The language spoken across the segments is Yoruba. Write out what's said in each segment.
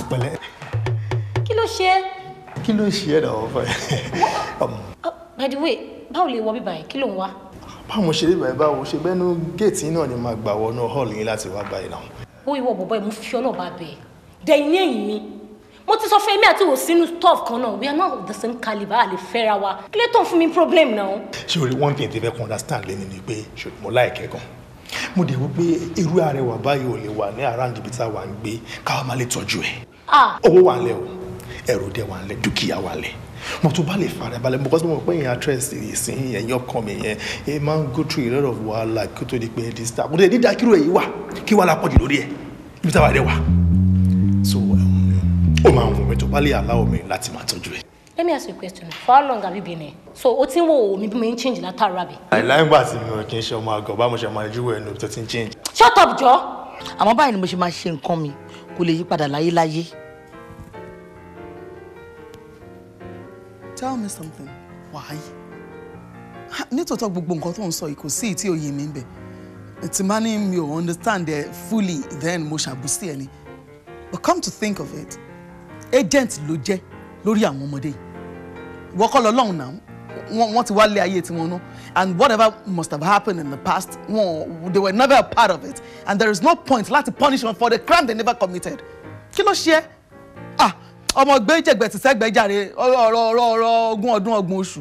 pẹ̀lẹ́. kí ló ṣe é. kí ló ṣe é náà fẹ. Oh, by the way báwo lè wọ bíbá yẹn kí ló ń wá. báwo ṣe lè bàbá wo ṣe bẹ́nu géètì náà ni máa gbà wọnú hall yín láti wá báyìí náà. ó ìwọ bọ̀bọ̀ yìí mo fi ọlọ́ọ̀bá bẹ̀ dẹ̀yìn ẹ̀yìn mi mo ti sọ fún èmi àti òsínú stuff kan náà we are not of the same calibre a lè fẹ́ra wa kí lè tó ń fún mi problem náà. ṣé o rí one thing tí fẹ́ kó understand lẹ́nu ni pé ṣùgbọ́n láìkẹ́ gan-an mo dẹ̀ wò pé irú arẹwà báyìí ò lè wà ní around ibi tá a wà ń gbé káwa máa lè tọ́jú ẹ̀ owó wà lẹ̀ o ẹ̀rọ dẹ̀ wà lẹ̀ dúkìá wà lẹ̀ mo tún bá lè fara balẹ̀ mo kọ́sọ́ mọ̀ pé èèyàn address ìsìn ẹ̀yìn ọkàn mi yẹn ẹ máa ń go through a lot of wahala kí ó tó di pé ẹ di star mo dẹ̀ dídá kíró èyí wà kí wàhálà pọ̀jù lórí ẹ̀ ibi táwa rẹ̀ wà so um, ó máa ń wọ̀ mí tó bá lè aláwọ̀ mi láti máa tọ́jú ẹ̀ let me ask you a question for how long have you been here so o ti ń wo mi bí mo ń change látàrọ àbí. àìláì gbà tí mi ò kí n ṣe ọmọ àgọ́ bá mo ṣe máa júwèé ẹnu tó change. shut up jọ. àmọ́ báyìí ni mo ṣe máa ṣe nǹkan mi kò lè yí padà láyé láyé. tell me something why nítòótọ́ gbogbo nǹkan tó ń sọ yìí kò sí ìtí òye mi ń bẹ̀ tí má ní mi understand it fully then mo ṣàbùsí ẹni but come to think of it agent ló jẹ́ lórí àwọn ọmọdé wọ́kọ́ lọ́lọ́run náà wọ́n ti wá lé ayé tiwọn nú and whatever must have happened in the past wọ́n they were never a part of it and there is no point láti punish them for the crime they never committed kí ló ṣe ah ọmọ gbé jẹgbẹ tí sẹgbẹ jàre ọ̀rọ̀ ọ̀rọ̀ ọ̀rọ̀ ogún ọdún ọgbọ̀n oṣù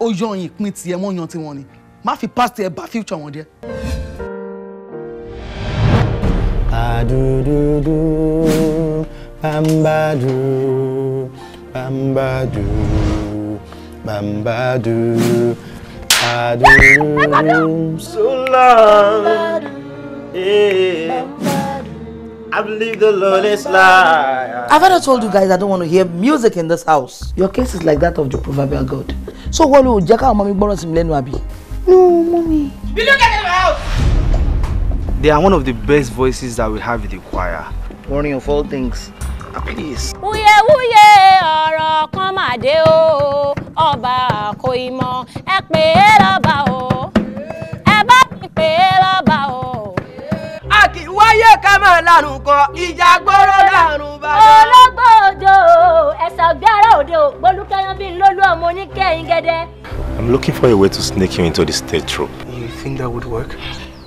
ó yan ìpín tiẹ̀ wọ́n yan tiwọn ni má fi past ẹ bá future wọn jẹ́. àdúdúdú bàmbàdù bambadu bambadu adum so long. Yeah. I believe the Lord is light. I've ever told you guys I don't want to hear music in this house. Your case is like that of the proverbial God. So what will Jacka and Mommy borrow him lẹ́nu àbí? No, Mommy. You look at them out. They are one of the best voices that we have in the choir. Warning of all things. Please. Wúyẹ́ wúyẹ́ màdé o ọba kò ì mọ̀ ẹ pè é lọ́ba o ẹ bá mi pè é lọ́ba o. a kì í wáyé ká máa lárùn kọ ìjà gbọ́rọ̀ lárùn bàbá. ológbòdo ẹ̀sà bí ara òde ò gbólúkẹ́yán bíi lólú ọmọ oníkẹ́yìn gẹ́dẹ́. I'm looking for a way to snake you into the state troop. You think that would work?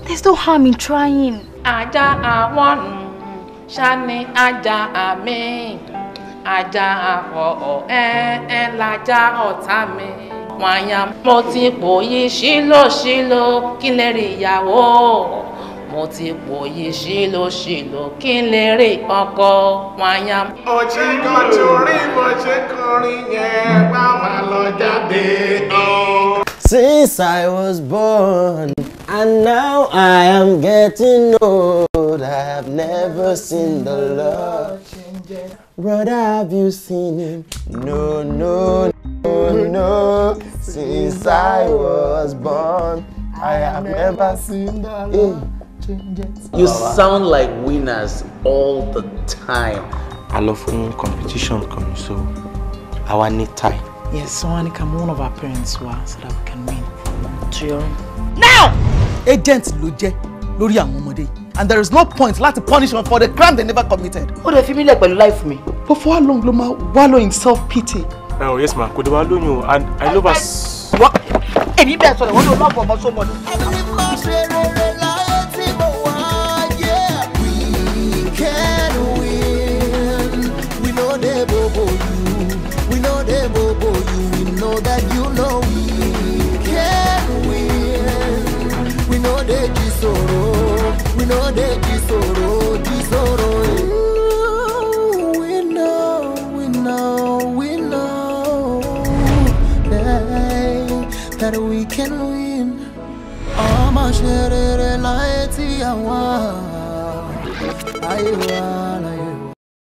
There's no harm in trying. Ajá àwọn ṣá ajá àmì ajá ahọ̀ ọ̀ ẹ́ẹ́ lajá ọ̀tá mi. wàyà mo ti pòyì sílò sílò kí lè rí ìyàwó mo ti pòyì sílò sílò kí lè rí ọkọ wàyà. ọ̀jẹ̀ kan torí mo ṣe kọrin yẹn bá wà lọ jáde. Since I was born, and now I am getting old, I have never seen the Lord. What have you seen him? No, no, no, no. Since I was born, I have never seen the Lord eh. change You sound like winners all the time. I love when competition comes, so I want ní tie. Yes, someone can come one of our parents wá so that we can win. Triumph. Now! Agent ló jẹ́ lórí and there is no point láti punish them for the crime they never committed. ó lè fi mí lẹ̀ pẹ̀lú life mi. but for how long ló máa wallow in self pity. ẹ eh, o oh, yes ma kò dé wa lóyún o and i love her. èmi bẹ́ẹ̀ sọ̀rọ̀ wọ́n ló lọ́ọ̀bù ọmọ sọ́mọ́ni. no dey Ooh, we know, we know, we know hey, that we can win. Ama sherere I want, I want.